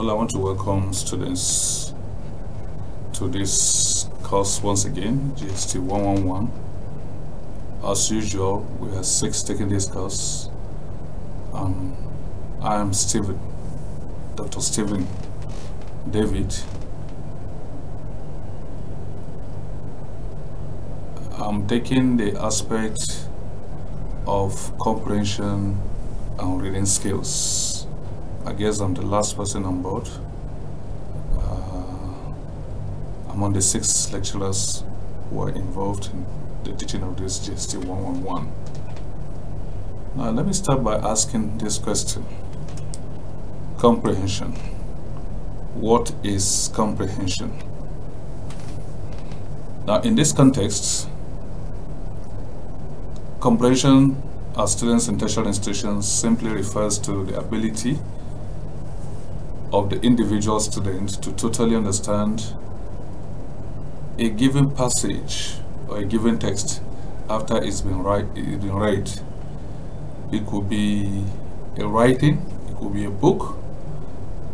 Well, I want to welcome students to this course once again, GST 111. As usual, we are six taking this course. Um, I am Stephen, Dr. Stephen David. I'm taking the aspect of comprehension and reading skills. I guess I'm the last person on board. Uh, among the six lecturers who are involved in the teaching of this GST 111. Now let me start by asking this question. Comprehension. What is comprehension? Now in this context, comprehension at students in tertiary institutions simply refers to the ability of the individual student to totally understand a given passage or a given text after it's been, write, it's been read. It could be a writing, it could be a book,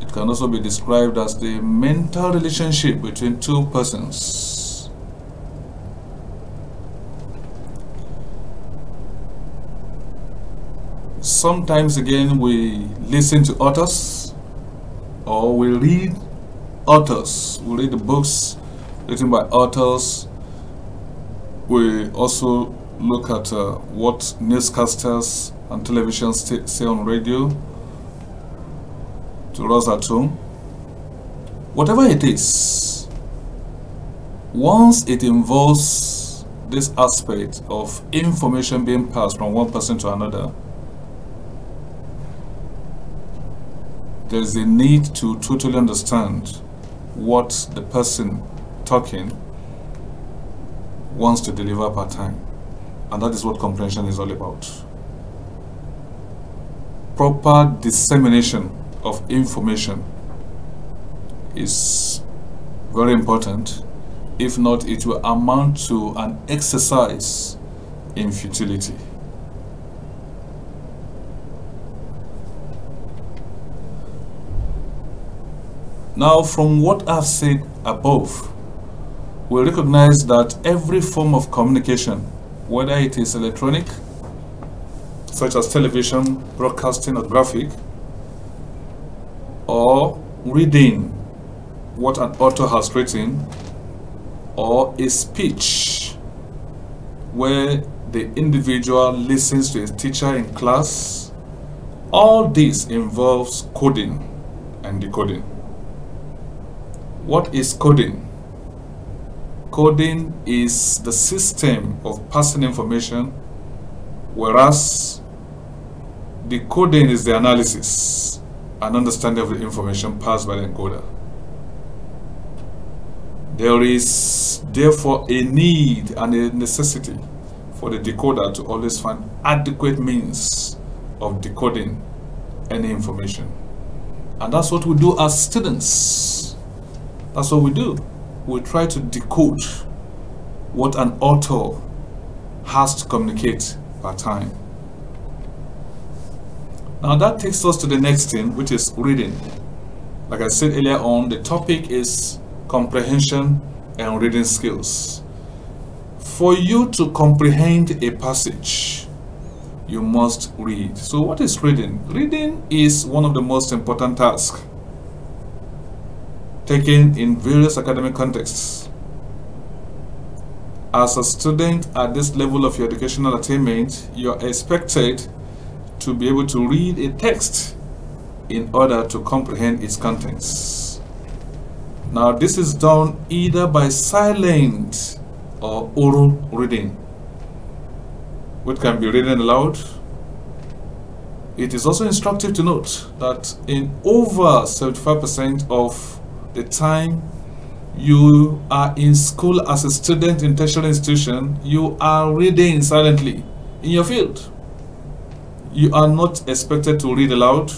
it can also be described as the mental relationship between two persons. Sometimes again we listen to authors or we read authors we read the books written by authors we also look at uh, what newscasters and television say on radio to us at home whatever it is once it involves this aspect of information being passed from one person to another there's a need to totally understand what the person talking wants to deliver per time. And that is what comprehension is all about. Proper dissemination of information is very important. If not, it will amount to an exercise in futility. Now, from what I've said above, we recognize that every form of communication, whether it is electronic, such as television, broadcasting, or graphic, or reading what an author has written, or a speech where the individual listens to his teacher in class, all this involves coding and decoding. What is coding? Coding is the system of passing information, whereas decoding is the analysis and understanding of the information passed by the encoder. There is therefore a need and a necessity for the decoder to always find adequate means of decoding any information. And that's what we do as students. That's what we do. We try to decode what an author has to communicate by time. Now that takes us to the next thing, which is reading. Like I said earlier on, the topic is comprehension and reading skills. For you to comprehend a passage, you must read. So what is reading? Reading is one of the most important tasks taken in various academic contexts. As a student at this level of your educational attainment, you're expected to be able to read a text in order to comprehend its contents. Now this is done either by silent or oral reading, which can be read aloud. It is also instructive to note that in over 75% of the time you are in school as a student in tertiary institution, you are reading silently in your field. You are not expected to read aloud.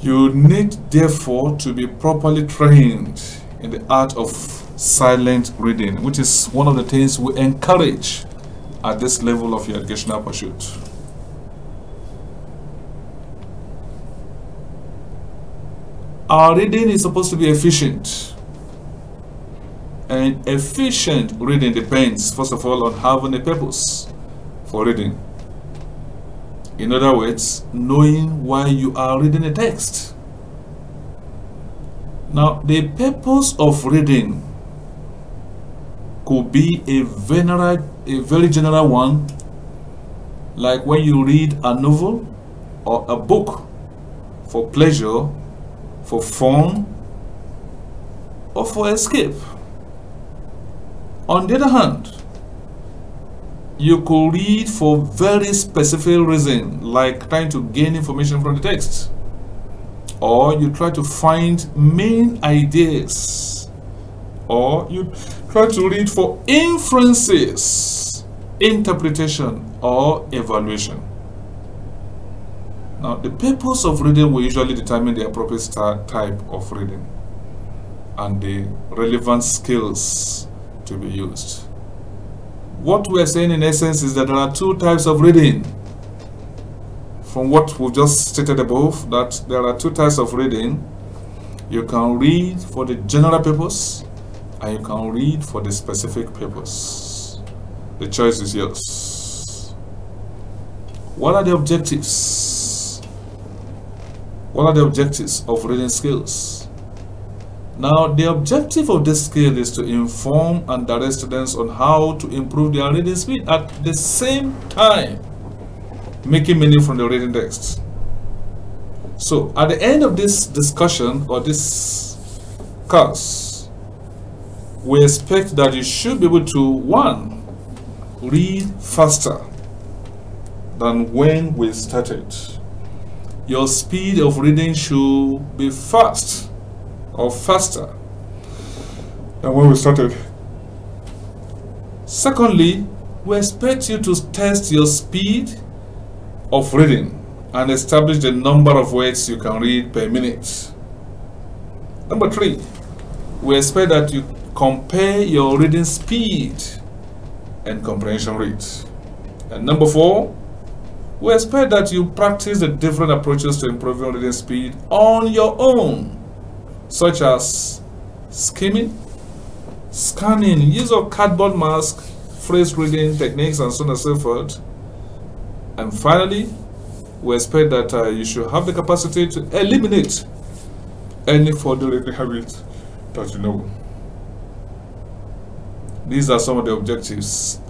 You need, therefore, to be properly trained in the art of silent reading, which is one of the things we encourage at this level of your educational pursuit. Our reading is supposed to be efficient. And efficient reading depends, first of all, on having a purpose for reading. In other words, knowing why you are reading a text. Now, the purpose of reading could be a, a very general one, like when you read a novel or a book for pleasure for fun, or for escape. On the other hand, you could read for very specific reason, like trying to gain information from the text, or you try to find main ideas, or you try to read for inferences, interpretation, or evaluation. Now, the purpose of reading will usually determine the appropriate type of reading and the relevant skills to be used. What we are saying in essence is that there are two types of reading. From what we just stated above, that there are two types of reading. You can read for the general purpose and you can read for the specific purpose. The choice is yours. What are the objectives? What are the objectives of reading skills? Now, the objective of this skill is to inform and direct students on how to improve their reading speed at the same time, making meaning from the reading text. So, at the end of this discussion or this course, we expect that you should be able to, one, read faster than when we started your speed of reading should be fast or faster than when we started. Secondly, we expect you to test your speed of reading and establish the number of words you can read per minute. Number three, we expect that you compare your reading speed and comprehension rate. And number four, we expect that you practice the different approaches to improving reading speed on your own, such as skimming, scanning, use of cardboard mask, phrase reading techniques, and so on and so forth. And finally, we expect that uh, you should have the capacity to eliminate any further reading habits that you know. These are some of the objectives.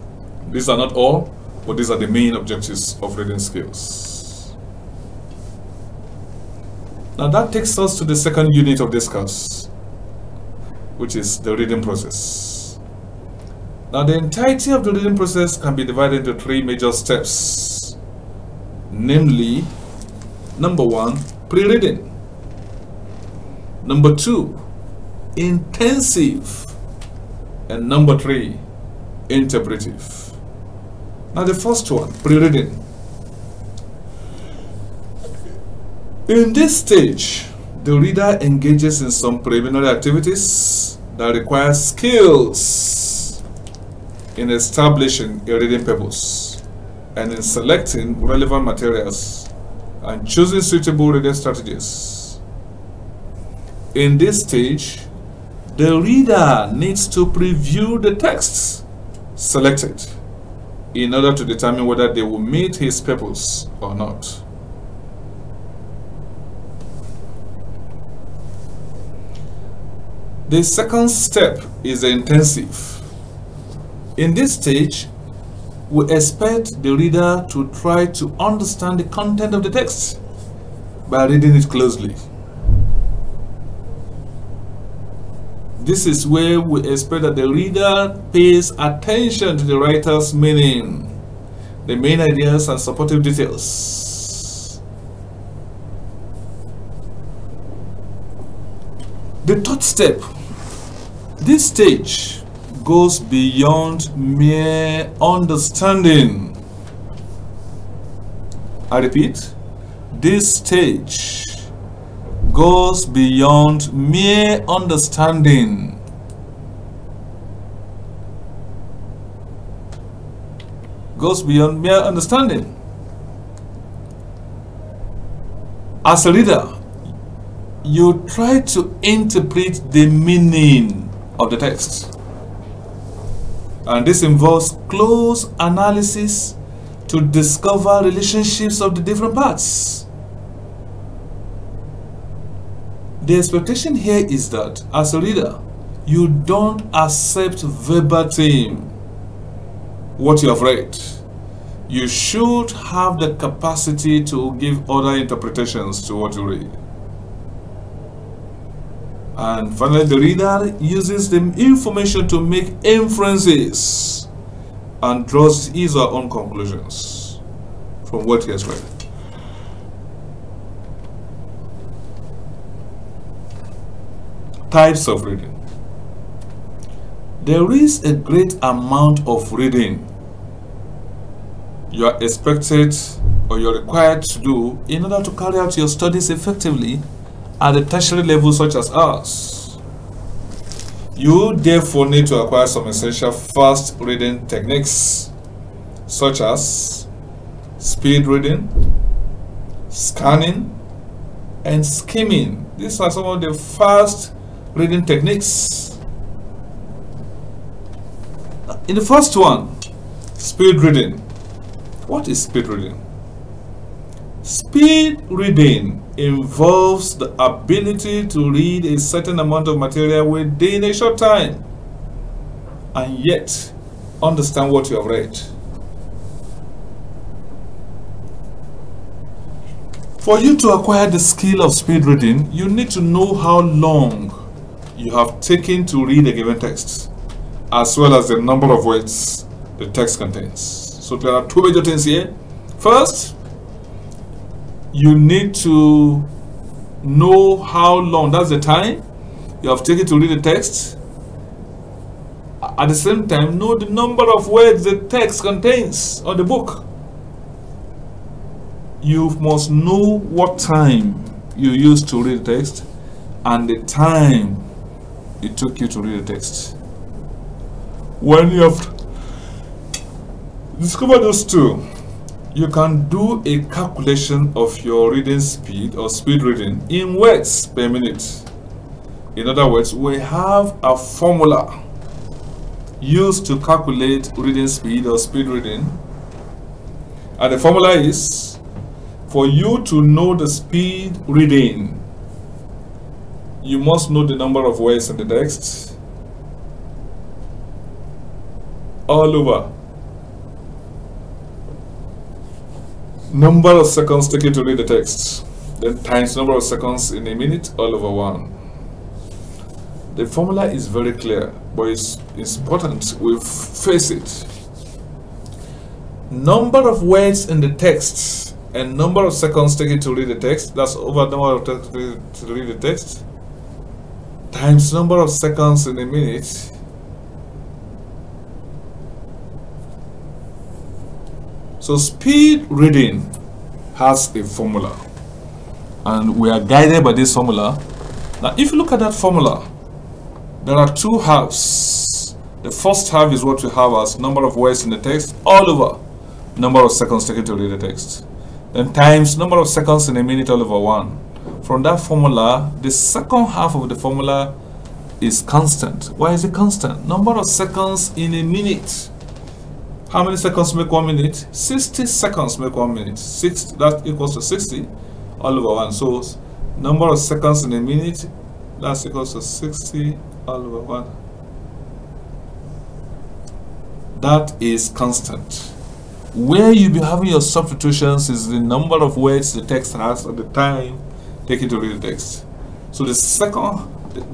These are not all. But these are the main objectives of reading skills. Now that takes us to the second unit of this course, which is the reading process. Now the entirety of the reading process can be divided into three major steps, namely, number one, pre-reading, number two, intensive, and number three, interpretive. And the first one, pre-reading. In this stage, the reader engages in some preliminary activities that require skills in establishing a reading purpose and in selecting relevant materials and choosing suitable reading strategies. In this stage, the reader needs to preview the texts selected in order to determine whether they will meet his purpose or not. The second step is intensive. In this stage, we expect the reader to try to understand the content of the text by reading it closely. This is where we expect that the reader pays attention to the writer's meaning, the main ideas and supportive details. The third step, this stage goes beyond mere understanding. I repeat, this stage goes beyond mere understanding. Goes beyond mere understanding. As a leader, you try to interpret the meaning of the text. And this involves close analysis to discover relationships of the different parts. The expectation here is that as a leader, you don't accept verbatim what you have read. You should have the capacity to give other interpretations to what you read. And finally, the reader uses the information to make inferences and draws his or her own conclusions from what he has read. types of reading. There is a great amount of reading you are expected or you're required to do in order to carry out your studies effectively at the tertiary level such as ours. You therefore need to acquire some essential fast reading techniques such as speed reading, scanning, and skimming. These are some of the fast reading techniques. In the first one, speed reading. What is speed reading? Speed reading involves the ability to read a certain amount of material within a short time and yet understand what you have read. For you to acquire the skill of speed reading, you need to know how long you have taken to read a given text, as well as the number of words the text contains. So there are two major things here. First, you need to know how long, that's the time you have taken to read the text. At the same time, know the number of words the text contains on the book. You must know what time you used to read the text and the time it took you to read the text. When you have discovered those two, you can do a calculation of your reading speed or speed reading in words per minute. In other words, we have a formula used to calculate reading speed or speed reading. And the formula is for you to know the speed reading you must know the number of words in the text all over number of seconds taken to read the text then times number of seconds in a minute all over one the formula is very clear but it's, it's important we face it number of words in the text and number of seconds taken to read the text that's over number of to read the text times number of seconds in a minute so speed reading has a formula and we are guided by this formula now if you look at that formula there are two halves the first half is what we have as number of words in the text all over number of seconds taken to read the text then times number of seconds in a minute all over one from that formula, the second half of the formula is constant. Why is it constant? Number of seconds in a minute. How many seconds make one minute? 60 seconds make one minute. Six, that equals to 60 all over 1. So number of seconds in a minute, that's equals to 60 all over 1. That is constant. Where you be having your substitutions is the number of words the text has at the time take it to the text. So the second,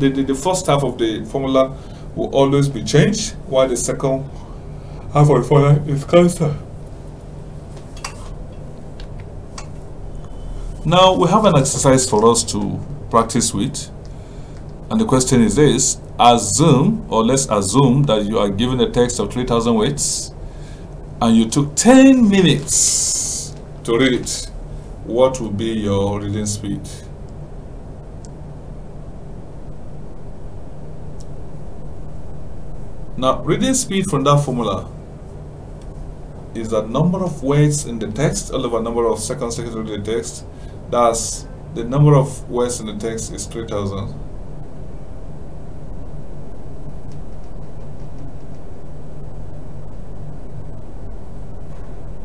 the, the, the first half of the formula will always be changed, while the second half of the formula is constant. Now we have an exercise for us to practice with. And the question is this, assume or let's assume that you are given a text of 3000 words and you took 10 minutes to read it. What would be your reading speed? Now, reading speed from that formula is the number of words in the text over number of seconds taken to read the text. Thus, the number of words in the text is 3000.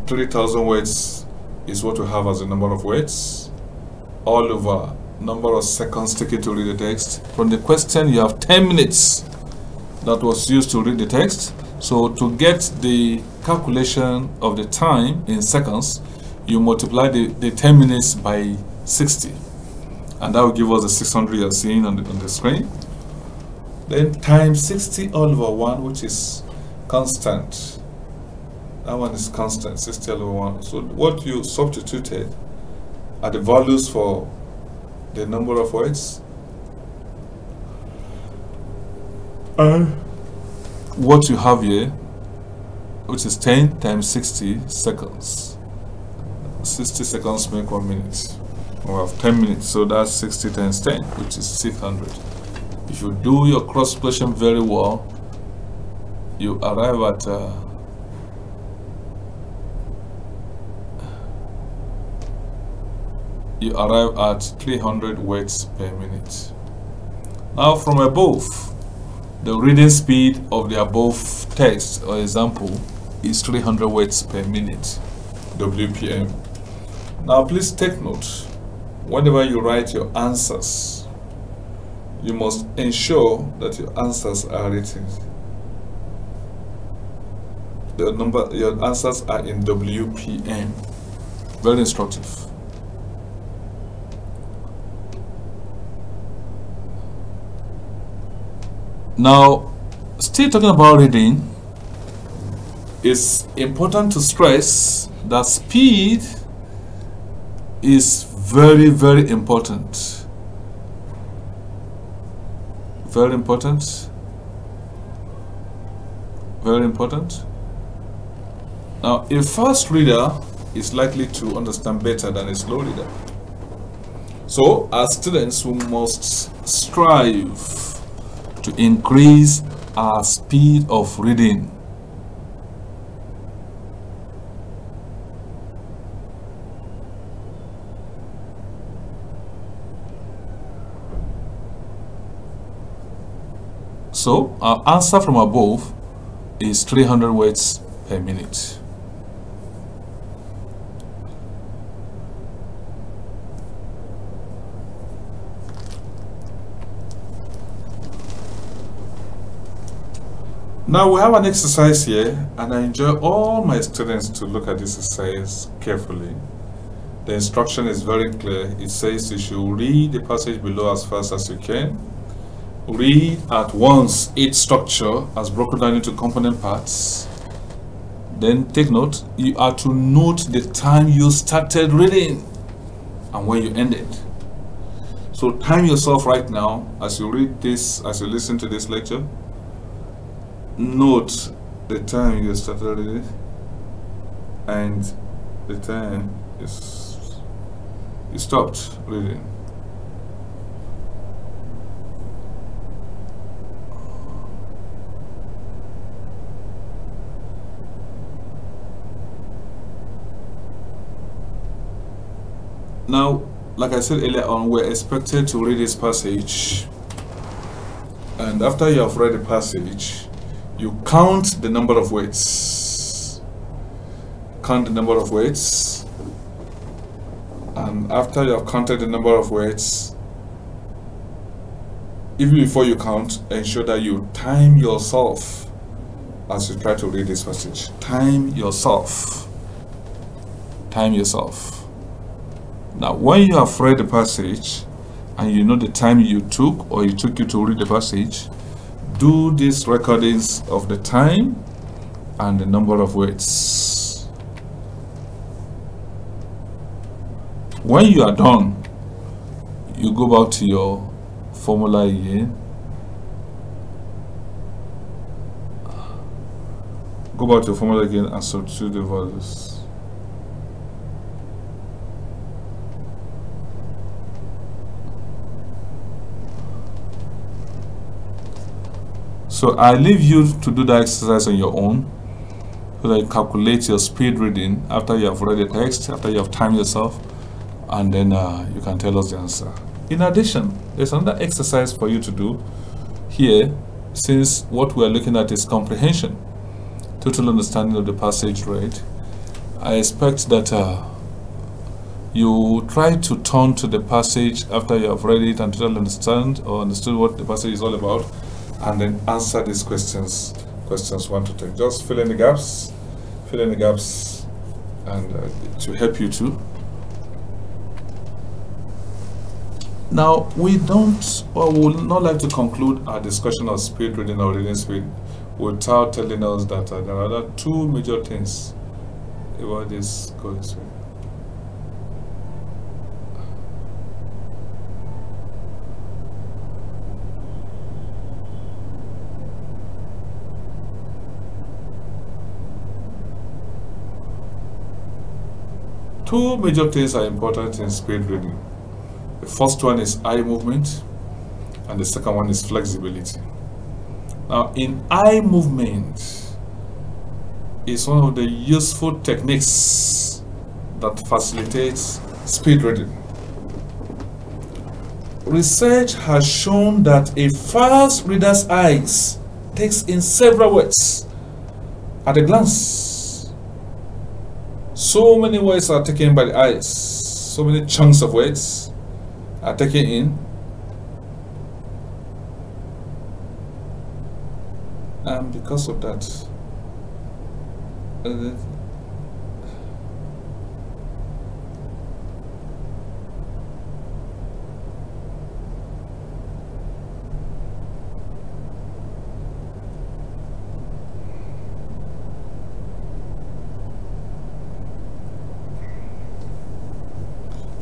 Three thousand words is what we have as a number of words all over number of seconds taken to read the text. From the question, you have 10 minutes that was used to read the text. So to get the calculation of the time in seconds, you multiply the, the 10 minutes by 60. And that will give us the 600 you're seeing on the, on the screen. Then times 60 all over 1, which is constant. That one is constant, 60 all over 1. So what you substituted are the values for the number of words and uh, what you have here which is 10 times 60 seconds 60 seconds make one minute we have 10 minutes so that's 60 times 10 which is 600 if you do your cross portion very well you arrive at uh, you arrive at 300 words per minute now from above the reading speed of the above text or example is 300 words per minute, WPM. Now please take note, whenever you write your answers, you must ensure that your answers are written. The number, your answers are in WPM. Very instructive. Now, still talking about reading, it's important to stress that speed is very, very important. Very important. Very important. Now, a fast reader is likely to understand better than a slow reader. So, as students, we must strive to increase our speed of reading. So our answer from above is 300 words per minute. Now we have an exercise here and I enjoy all my students to look at this exercise carefully. The instruction is very clear. It says you should read the passage below as fast as you can. Read at once each structure as broken down into component parts. Then take note, you are to note the time you started reading and where you ended. So time yourself right now as you read this, as you listen to this lecture note the time you started reading, and the time you stopped reading Now, like I said earlier on, we're expected to read this passage. And after you have read the passage, you count the number of words. count the number of words, and after you have counted the number of words, even before you count ensure that you time yourself as you try to read this passage time yourself time yourself now when you have read the passage and you know the time you took or it took you to read the passage do these recordings of the time and the number of words. When you are done, you go back to your formula again. Go back to your formula again and substitute the values. So I leave you to do that exercise on your own so that you calculate your speed reading after you have read the text, after you have timed yourself, and then uh, you can tell us the answer. In addition, there's another exercise for you to do here since what we're looking at is comprehension, total understanding of the passage read. I expect that uh, you try to turn to the passage after you have read it and totally understand or understood what the passage is all about and then answer these questions, questions one to ten. Just fill in the gaps, fill in the gaps, and uh, to help you too. Now, we don't or would not like to conclude our discussion of spirit reading or reading spirit without telling us that uh, there are two major things about this code spirit. Two major things are important in speed reading. The first one is eye movement, and the second one is flexibility. Now, in eye movement is one of the useful techniques that facilitates speed reading. Research has shown that a fast reader's eyes takes in several words at a glance so many weights are taken by the eyes. So many chunks of weights are taken in. And because of that,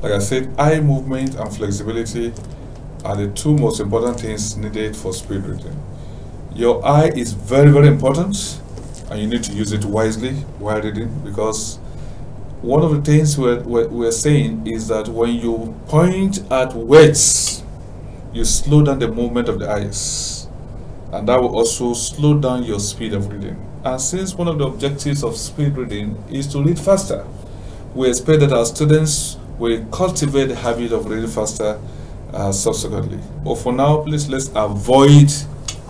Like I said, eye movement and flexibility are the two most important things needed for speed reading. Your eye is very, very important and you need to use it wisely while reading because one of the things we're, we're, we're saying is that when you point at words, you slow down the movement of the eyes and that will also slow down your speed of reading. And since one of the objectives of speed reading is to read faster, we expect that our students we cultivate the habit of reading faster uh, subsequently. But for now, please let's avoid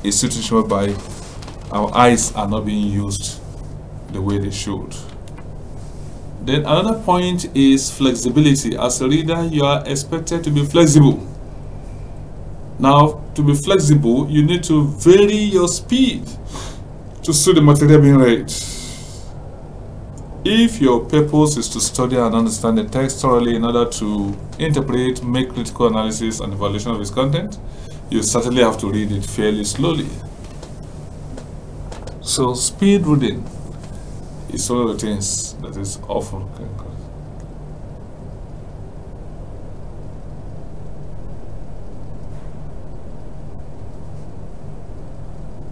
a situation whereby our eyes are not being used the way they should. Then another point is flexibility. As a reader, you are expected to be flexible. Now, to be flexible, you need to vary your speed to suit the material being read. If your purpose is to study and understand the text thoroughly in order to interpret, make critical analysis and evaluation of its content, you certainly have to read it fairly slowly. So speed reading is one of the things that is often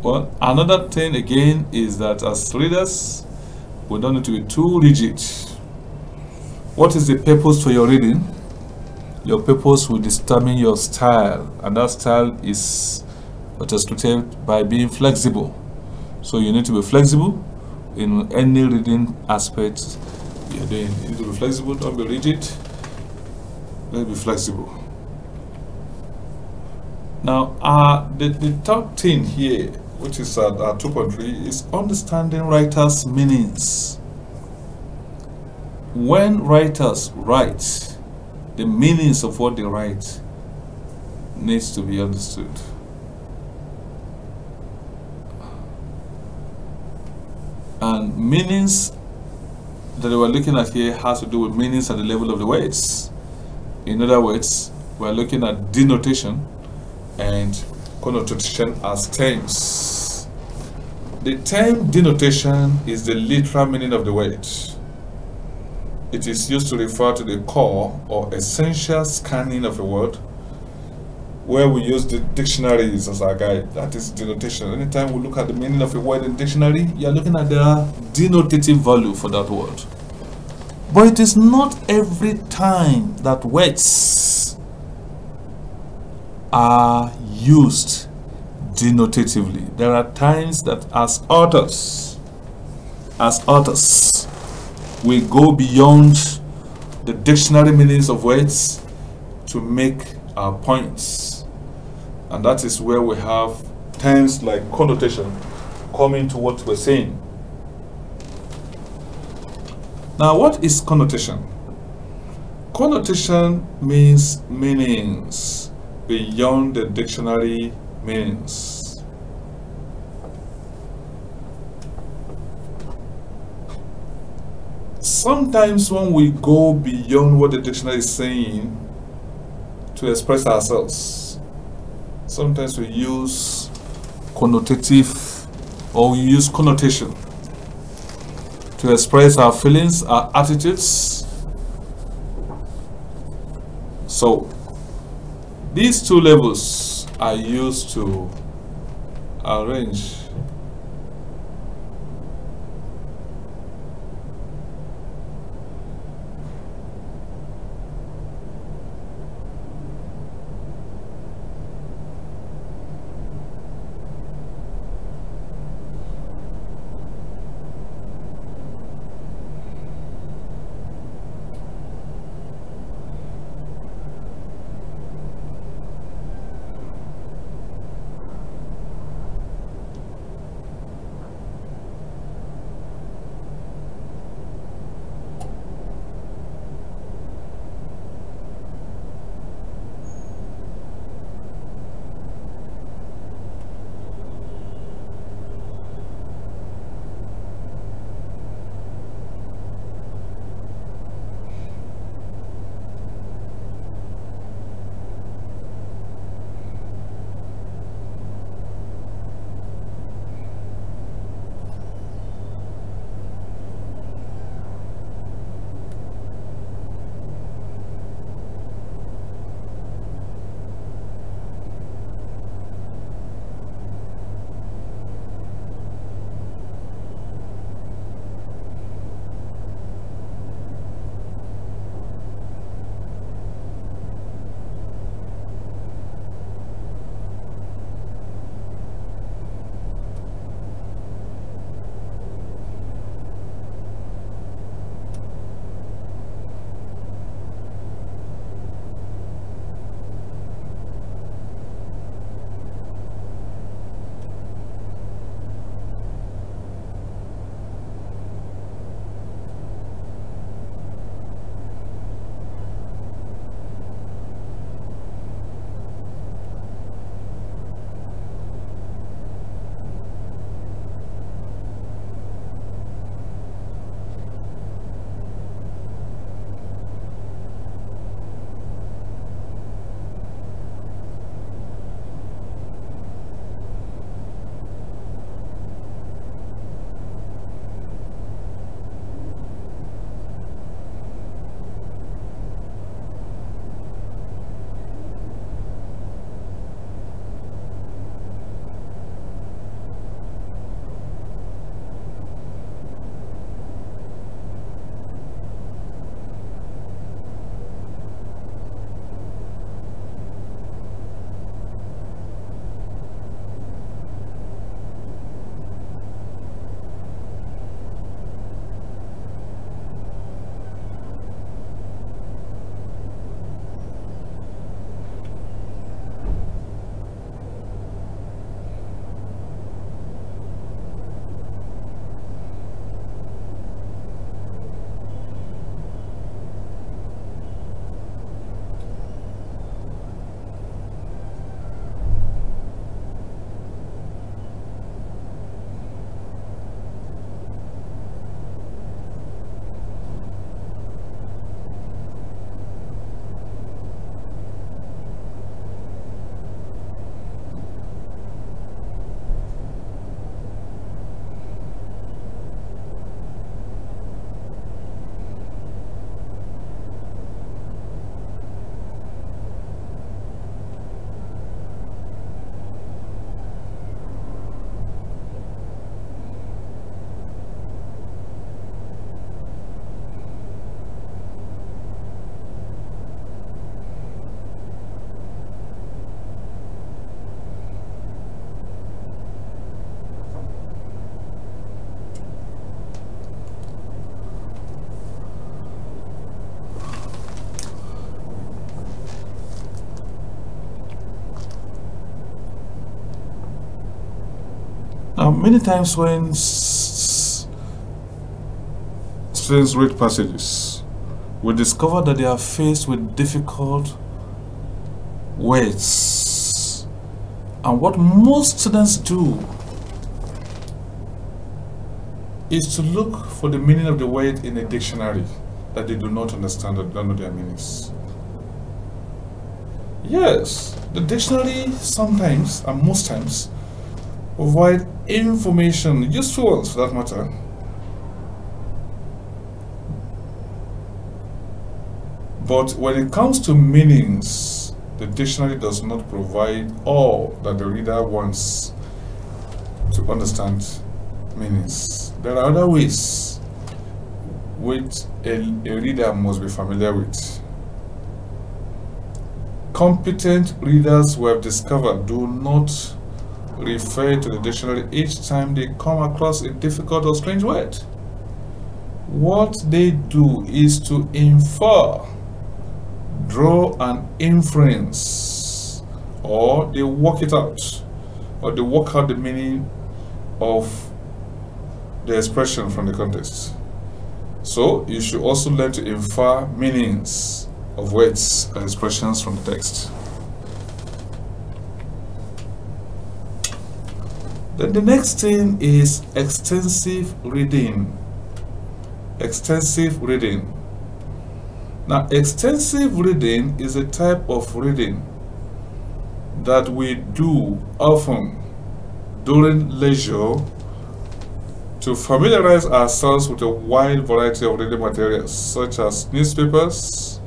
Well, another thing again is that as readers, we don't need to be too rigid what is the purpose for your reading your purpose will determine your style and that style is illustrated by being flexible so you need to be flexible in any reading aspect you're doing you need to be flexible don't be rigid let's be flexible now uh the, the top thing here which is at, at 2.3, is understanding writers' meanings. When writers write, the meanings of what they write needs to be understood. And meanings that we're looking at here has to do with meanings at the level of the words. In other words, we're looking at denotation and connotation as terms. The term denotation is the literal meaning of the word. It is used to refer to the core or essential scanning of a word where we use the dictionaries as our guide. That is denotation. Anytime we look at the meaning of a word in dictionary, you're looking at the denotative value for that word. But it is not every time that words are used denotatively. There are times that as authors, as authors, we go beyond the dictionary meanings of words to make our points. And that is where we have terms like connotation coming to what we're saying. Now, what is connotation? Connotation means meanings beyond the dictionary means. Sometimes when we go beyond what the dictionary is saying to express ourselves, sometimes we use connotative or we use connotation to express our feelings, our attitudes. So these two levels are used to arrange Um, many times when students read passages, we discover that they are faced with difficult words. And what most students do is to look for the meaning of the word in a dictionary that they do not understand or don't know their meanings. Yes, the dictionary sometimes and most times provide information, useful for that matter. But when it comes to meanings, the dictionary does not provide all that the reader wants to understand meanings. There are other ways which a, a reader must be familiar with. Competent readers we have discovered do not refer to the dictionary each time they come across a difficult or strange word. What they do is to infer, draw an inference, or they work it out, or they work out the meaning of the expression from the context. So you should also learn to infer meanings of words and expressions from the text. Then the next thing is extensive reading. Extensive reading. Now, extensive reading is a type of reading that we do often during leisure to familiarize ourselves with a wide variety of reading materials such as newspapers,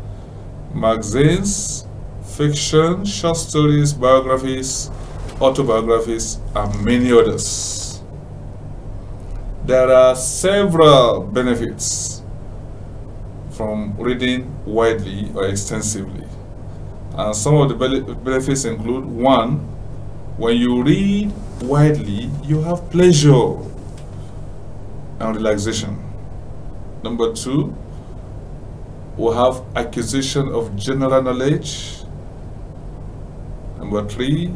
magazines, fiction, short stories, biographies, autobiographies, and many others. There are several benefits from reading widely or extensively. And some of the benefits include one, when you read widely, you have pleasure and relaxation. Number two, we have acquisition of general knowledge. Number three,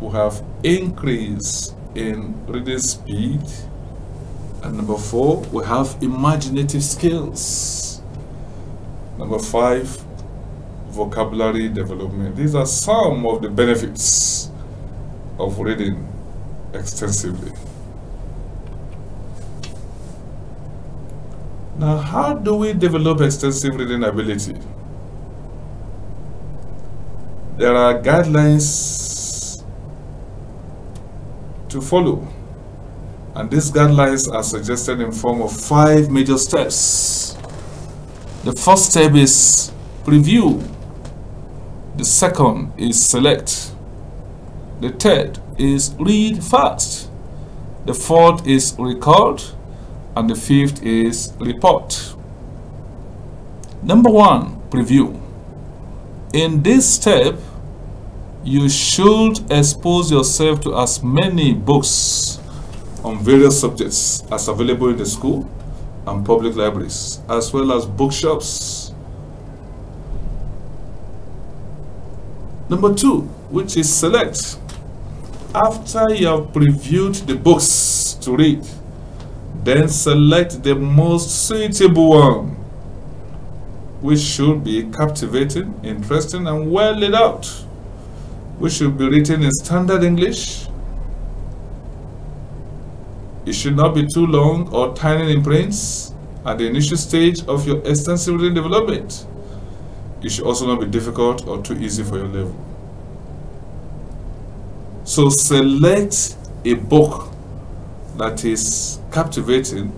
we have increase in reading speed and number four we have imaginative skills number five vocabulary development these are some of the benefits of reading extensively now how do we develop extensive reading ability there are guidelines to follow. And these guidelines are suggested in form of five major steps. The first step is preview. The second is select. The third is read fast. The fourth is record. And the fifth is report. Number one, preview. In this step, you should expose yourself to as many books on various subjects as available in the school and public libraries, as well as bookshops. Number two, which is select. After you have previewed the books to read, then select the most suitable one, which should be captivating, interesting, and well laid out which should be written in standard English. It should not be too long or tiny in print at the initial stage of your extensive reading development. It should also not be difficult or too easy for your level. So select a book that is captivating,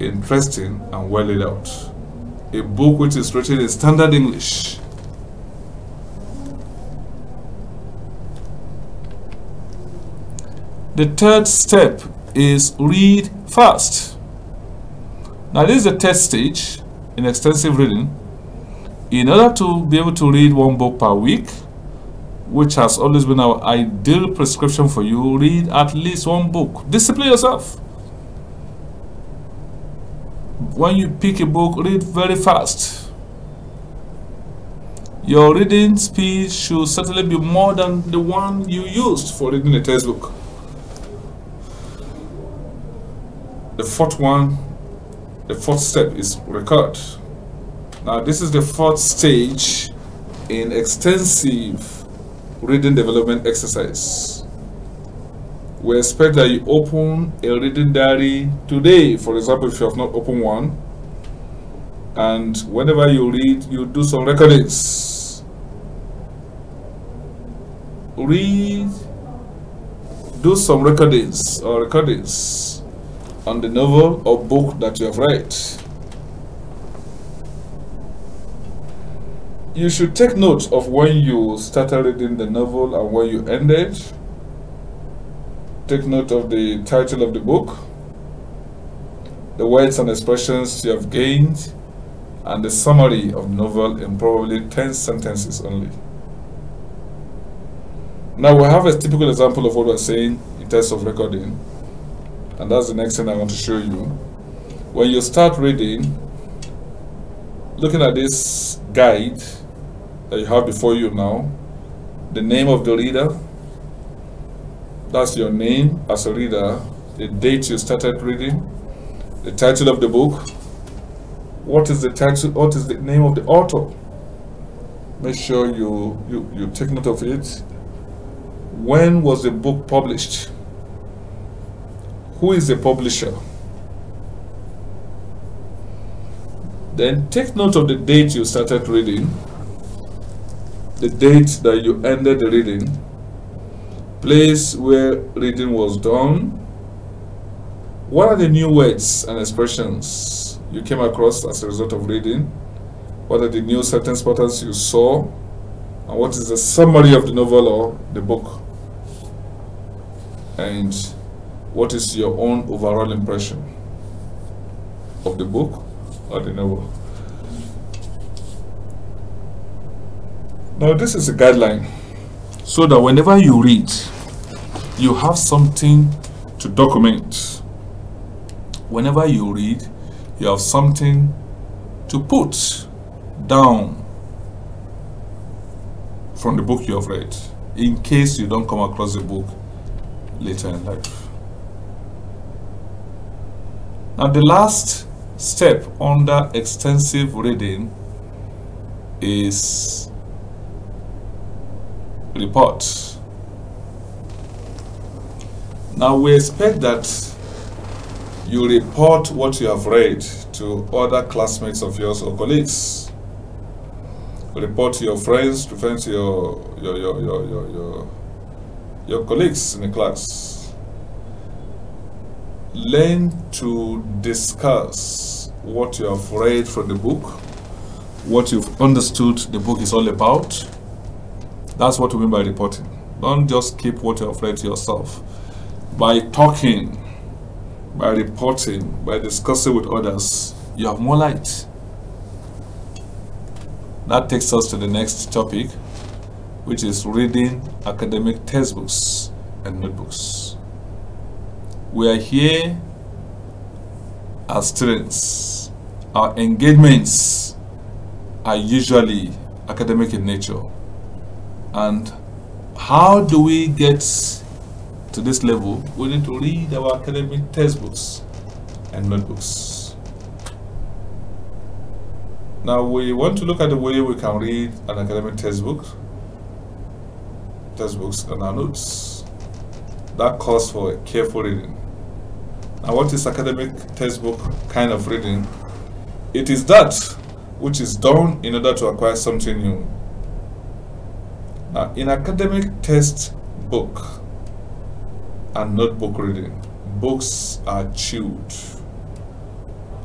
interesting, and well laid out. A book which is written in standard English The third step is read fast. Now this is the test stage in extensive reading. In order to be able to read one book per week, which has always been our ideal prescription for you, read at least one book. Discipline yourself. When you pick a book, read very fast. Your reading speed should certainly be more than the one you used for reading a textbook. the fourth one the fourth step is record now this is the fourth stage in extensive reading development exercise we expect that you open a reading diary today for example if you have not opened one and whenever you read you do some recordings read do some recordings or recordings on the novel or book that you have read. You should take note of when you started reading the novel and when you ended. Take note of the title of the book, the words and expressions you have gained, and the summary of the novel in probably 10 sentences only. Now we have a typical example of what we're saying in terms of recording and that's the next thing I want to show you when you start reading looking at this guide that you have before you now the name of the reader that's your name as a reader the date you started reading the title of the book what is the title what is the name of the author make sure you you, you take note of it when was the book published who is the publisher. Then take note of the date you started reading, the date that you ended the reading, place where reading was done, what are the new words and expressions you came across as a result of reading, what are the new sentence patterns you saw, and what is the summary of the novel or the book. And what is your own overall impression of the book or the novel? Now, this is a guideline so that whenever you read, you have something to document. Whenever you read, you have something to put down from the book you have read in case you don't come across the book later in life. Now the last step under extensive reading is report. Now we expect that you report what you have read to other classmates of yours or colleagues. Report to your friends, to friends, your, your, your, your, your, your, your colleagues in the class learn to discuss what you have read from the book, what you've understood the book is all about. That's what we mean by reporting. Don't just keep what you have read to yourself. By talking, by reporting, by discussing with others, you have more light. That takes us to the next topic, which is reading academic textbooks and notebooks. We are here as students. Our engagements are usually academic in nature. And how do we get to this level? We need to read our academic textbooks and notebooks. Now we want to look at the way we can read an academic textbook, textbooks and our notes. That calls for careful reading. I want academic textbook kind of reading. It is that which is done in order to acquire something new. Now, in academic textbook and notebook reading, books are chewed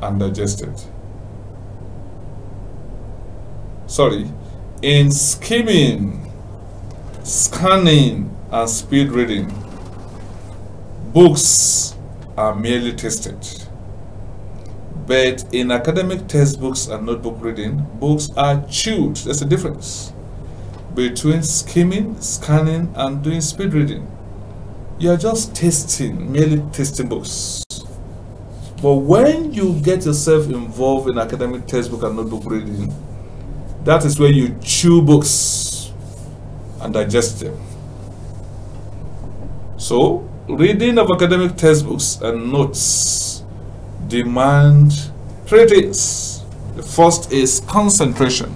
and digested. Sorry, in skimming, scanning, and speed reading, books are merely tested. But in academic textbooks and notebook reading, books are chewed. There's a difference between skimming, scanning, and doing speed reading. You're just testing, merely testing books. But when you get yourself involved in academic textbook and notebook reading, that is where you chew books and digest them. So, reading of academic textbooks and notes demand three things. The first is concentration.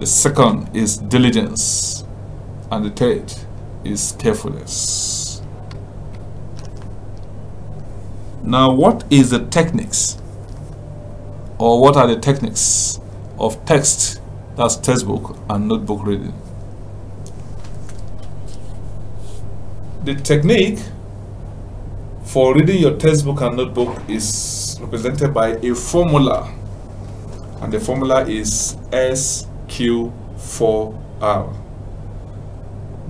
The second is diligence. And the third is carefulness. Now, what is the techniques? Or what are the techniques of text, that's textbook and notebook reading? The technique for reading your textbook and notebook is represented by a formula and the formula is SQ4R.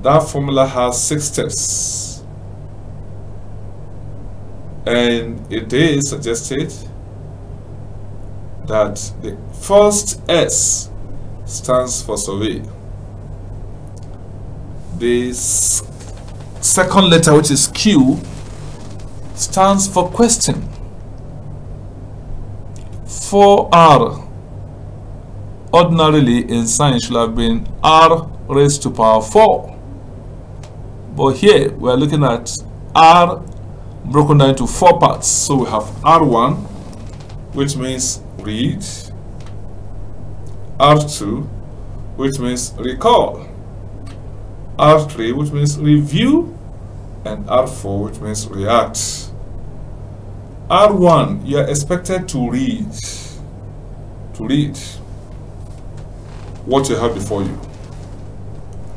That formula has six steps and it is suggested that the first S stands for survey. This second letter, which is Q, stands for question. 4R ordinarily in science should have been R raised to power 4. But here we are looking at R broken down into four parts. So we have R1, which means read, R2, which means recall, R3 which means review and R4 which means react. R1 you are expected to read to read what you have before you.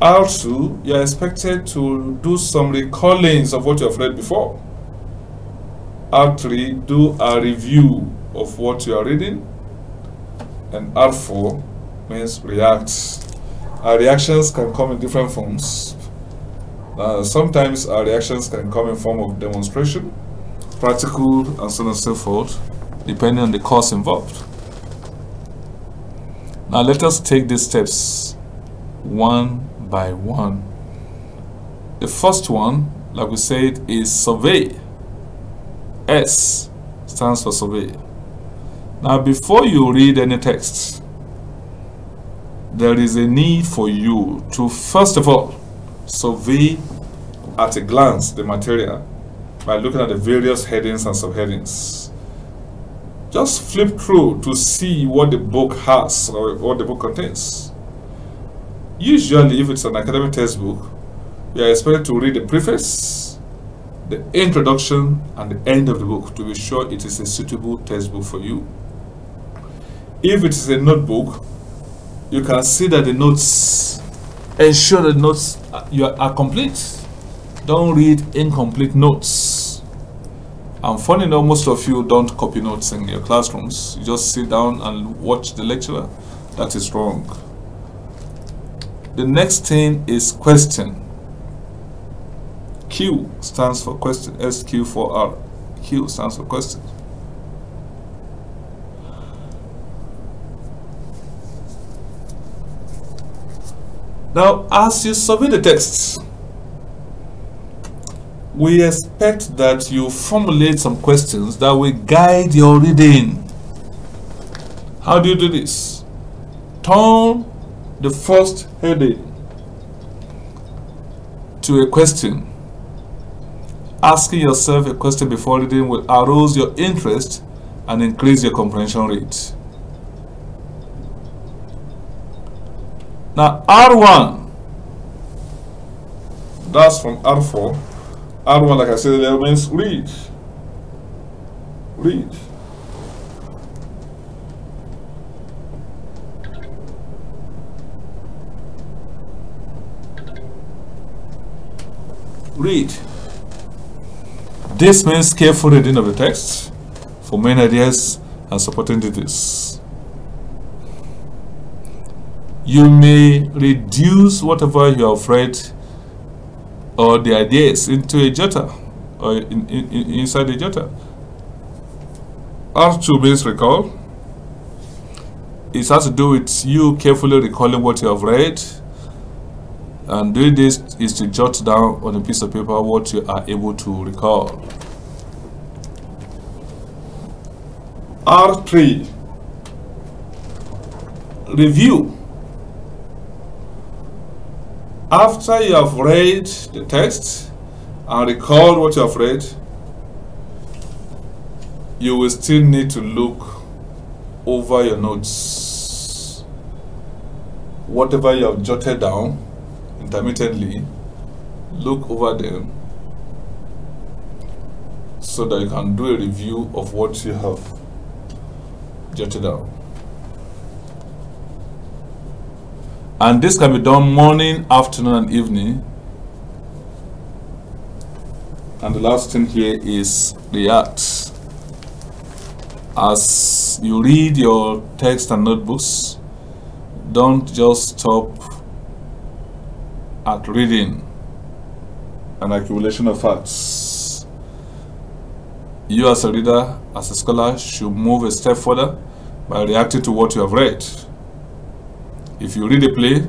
R2 you are expected to do some recallings of what you have read before. R3 do a review of what you are reading and R4 means react our reactions can come in different forms. Uh, sometimes our reactions can come in form of demonstration, practical, and so on and so forth, depending on the course involved. Now let us take these steps one by one. The first one, like we said, is survey. S stands for survey. Now before you read any texts there is a need for you to first of all survey at a glance the material by looking at the various headings and subheadings. Just flip through to see what the book has or what the book contains. Usually, if it's an academic textbook, you are expected to read the preface, the introduction, and the end of the book to be sure it is a suitable textbook for you. If it is a notebook, you can see that the notes ensure the notes are, are complete don't read incomplete notes I'm funny enough most of you don't copy notes in your classrooms you just sit down and watch the lecturer that is wrong the next thing is question q stands for question sq4r q stands for question Now, as you survey the texts, we expect that you formulate some questions that will guide your reading. How do you do this? Turn the first heading to a question. Asking yourself a question before reading will arouse your interest and increase your comprehension rate. Now R1, that's from R4. R1, like I said, that means read. Read. Read. This means careful reading of the text for main ideas and supporting you may reduce whatever you have read or the ideas into a jota or in, in, in inside a jota. R2 means recall. It has to do with you carefully recalling what you have read. And doing this is to jot down on a piece of paper what you are able to recall. R3 Review after you have read the text and recalled what you have read, you will still need to look over your notes. Whatever you have jotted down intermittently, look over them so that you can do a review of what you have jotted down. and this can be done morning afternoon and evening and the last thing here is react as you read your text and notebooks don't just stop at reading an accumulation of facts you as a reader as a scholar should move a step further by reacting to what you have read if you read a play,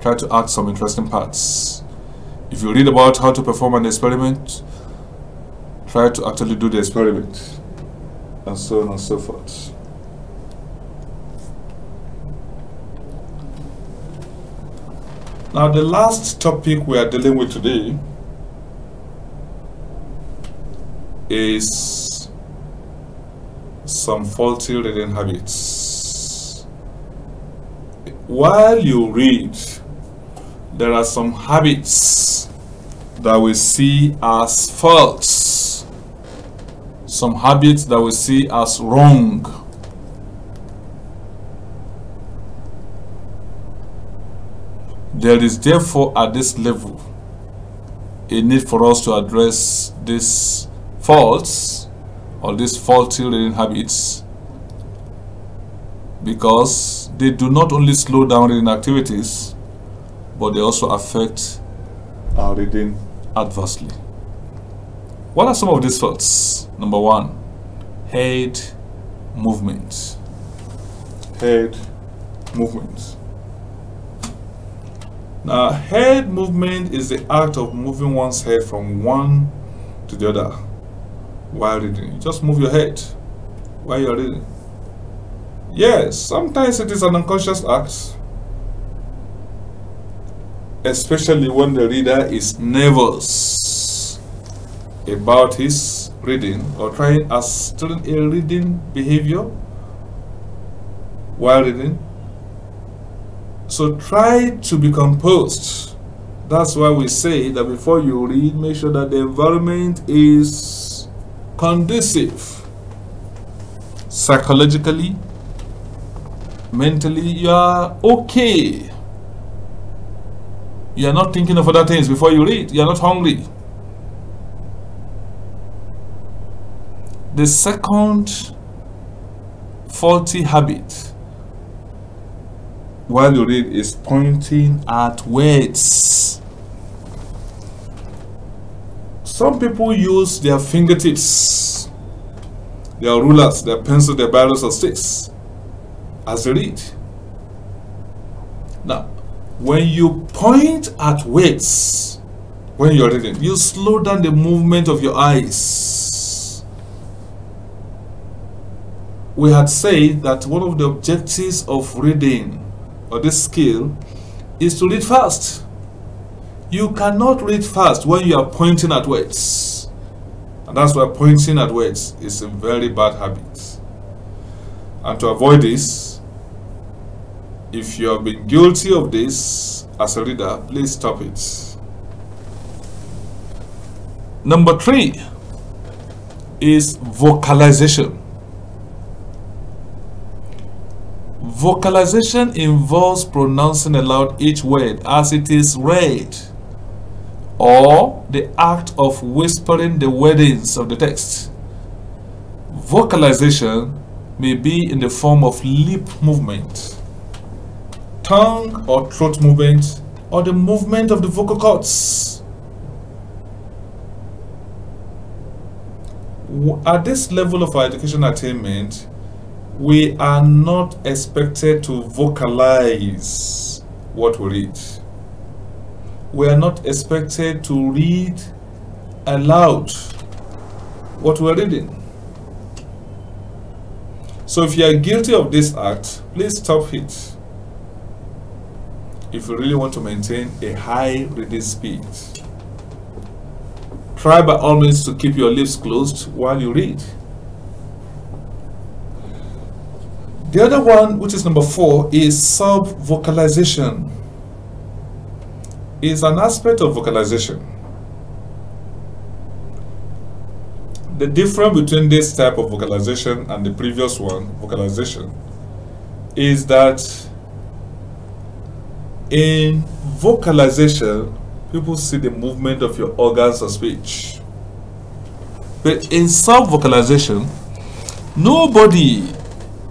try to add some interesting parts. If you read about how to perform an experiment, try to actually do the experiment, and so on and so forth. Now the last topic we are dealing with today is some faulty reading habits while you read, there are some habits that we see as false, some habits that we see as wrong. There is therefore at this level a need for us to address these faults or these faulty reading habits because they do not only slow down reading activities, but they also affect our reading adversely. What are some of these thoughts? Number one, head movements. Head movements. Now, head movement is the act of moving one's head from one to the other while reading. You just move your head while you're reading. Yes, sometimes it is an unconscious act. Especially when the reader is nervous about his reading or trying a student a reading behavior while reading. So try to be composed. That's why we say that before you read, make sure that the environment is conducive psychologically mentally you are okay you are not thinking of other things before you read you are not hungry the second faulty habit while you read is pointing at words some people use their fingertips their rulers their pencils their barrels or sticks as a lead. Now, when you point at weights, when you're reading, you slow down the movement of your eyes. We had said that one of the objectives of reading or this skill is to read fast. You cannot read fast when you are pointing at words. And that's why pointing at words is a very bad habit. And to avoid this, if you have been guilty of this as a reader, please stop it. Number three is vocalization. Vocalization involves pronouncing aloud each word as it is read or the act of whispering the wordings of the text. Vocalization may be in the form of lip movement tongue or throat movement or the movement of the vocal cords. At this level of our education attainment, we are not expected to vocalize what we read. We are not expected to read aloud what we are reading. So if you are guilty of this act, please stop it if you really want to maintain a high reading speed. Try by all means to keep your lips closed while you read. The other one, which is number four, is sub-vocalization. Is an aspect of vocalization. The difference between this type of vocalization and the previous one, vocalization, is that in vocalization, people see the movement of your organs of speech. But in sound vocalization, nobody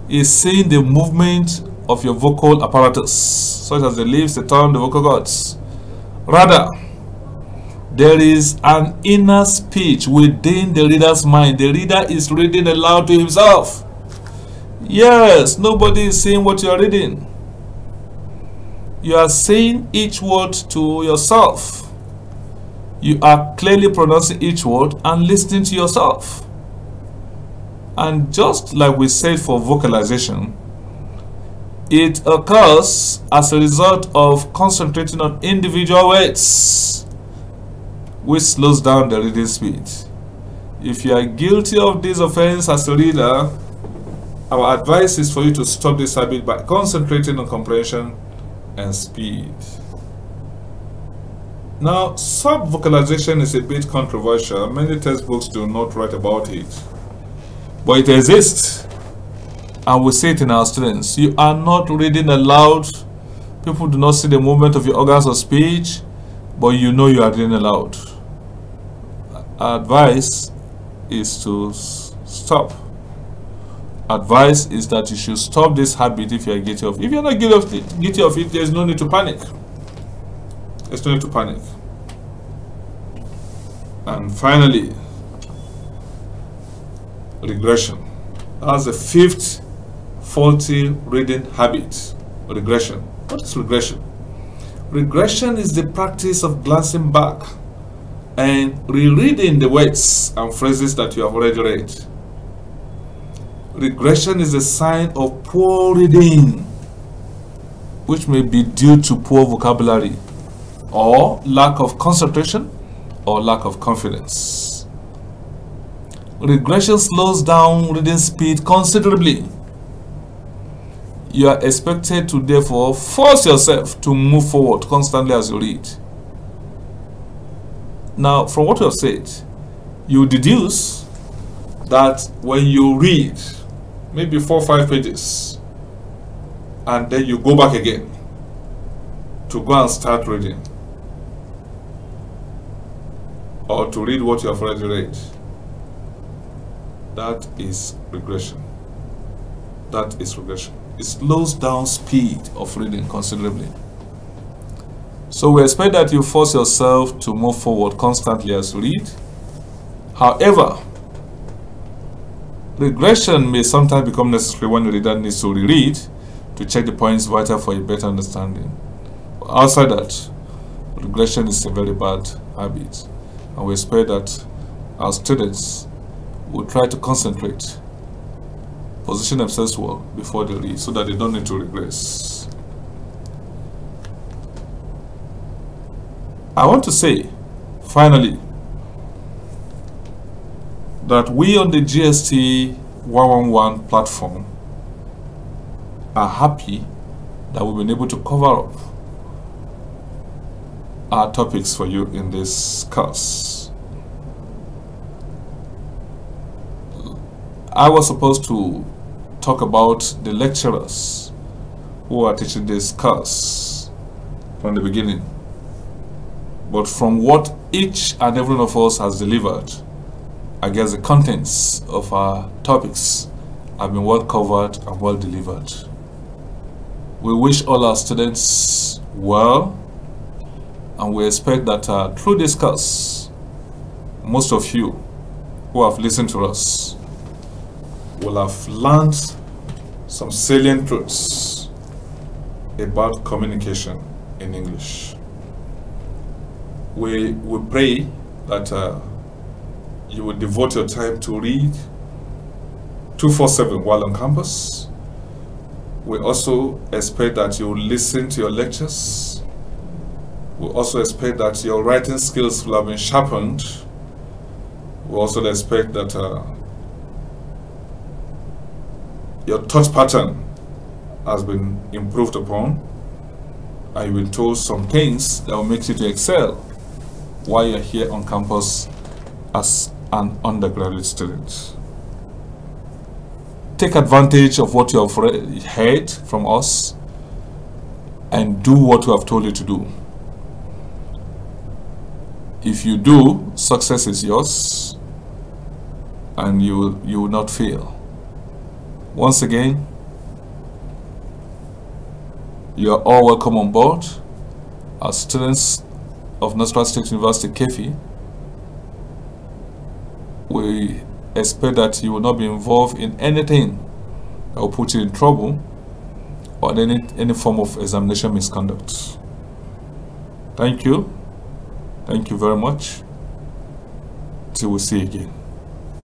is seeing the movement of your vocal apparatus, such as the lips, the tongue, the vocal cords. Rather, there is an inner speech within the reader's mind. The reader is reading aloud to himself. Yes, nobody is seeing what you are reading you are saying each word to yourself. You are clearly pronouncing each word and listening to yourself. And just like we said for vocalization, it occurs as a result of concentrating on individual words, which slows down the reading speed. If you are guilty of this offense as a reader, our advice is for you to stop this habit by concentrating on comprehension and speed. Now, subvocalization is a bit controversial. Many textbooks do not write about it. But it exists. And we see it in our students. You are not reading aloud. People do not see the movement of your organs of speech, but you know you are reading aloud. Advice is to stop advice is that you should stop this habit if you are guilty of it. If you're not guilty of it, guilty of it, there's no need to panic. There's no need to panic. And finally, regression. That's the fifth faulty reading habit, regression. What is regression? Regression is the practice of glancing back and rereading the words and phrases that you have already read regression is a sign of poor reading, which may be due to poor vocabulary, or lack of concentration, or lack of confidence. Regression slows down reading speed considerably. You are expected to therefore force yourself to move forward constantly as you read. Now, from what you have said, you deduce that when you read, maybe four five pages and then you go back again to go and start reading or to read what you have already read that is regression that is regression it slows down speed of reading considerably so we expect that you force yourself to move forward constantly as you read however Regression may sometimes become necessary when the reader needs to reread to check the points vital for a better understanding. Outside that, regression is a very bad habit, and we expect that our students will try to concentrate, position themselves well before they read so that they don't need to regress. I want to say, finally, that we on the GST 111 platform are happy that we've been able to cover up our topics for you in this course. I was supposed to talk about the lecturers who are teaching this course from the beginning. But from what each and every one of us has delivered, I guess the contents of our topics have been well covered and well delivered. We wish all our students well and we expect that uh, through this course, most of you who have listened to us will have learned some salient truths about communication in English. We, we pray that uh, you will devote your time to read 247 while on campus. We also expect that you will listen to your lectures. We also expect that your writing skills will have been sharpened. We also expect that uh, your thought pattern has been improved upon. I've been told some things that will make you to excel while you're here on campus as and undergraduate students. Take advantage of what you have heard from us and do what we have told you to do. If you do, success is yours and you, you will not fail. Once again, you are all welcome on board as students of Nostra State University, KEFI, we expect that you will not be involved in anything that will put you in trouble or any, any form of examination misconduct. Thank you. Thank you very much. Till we see again.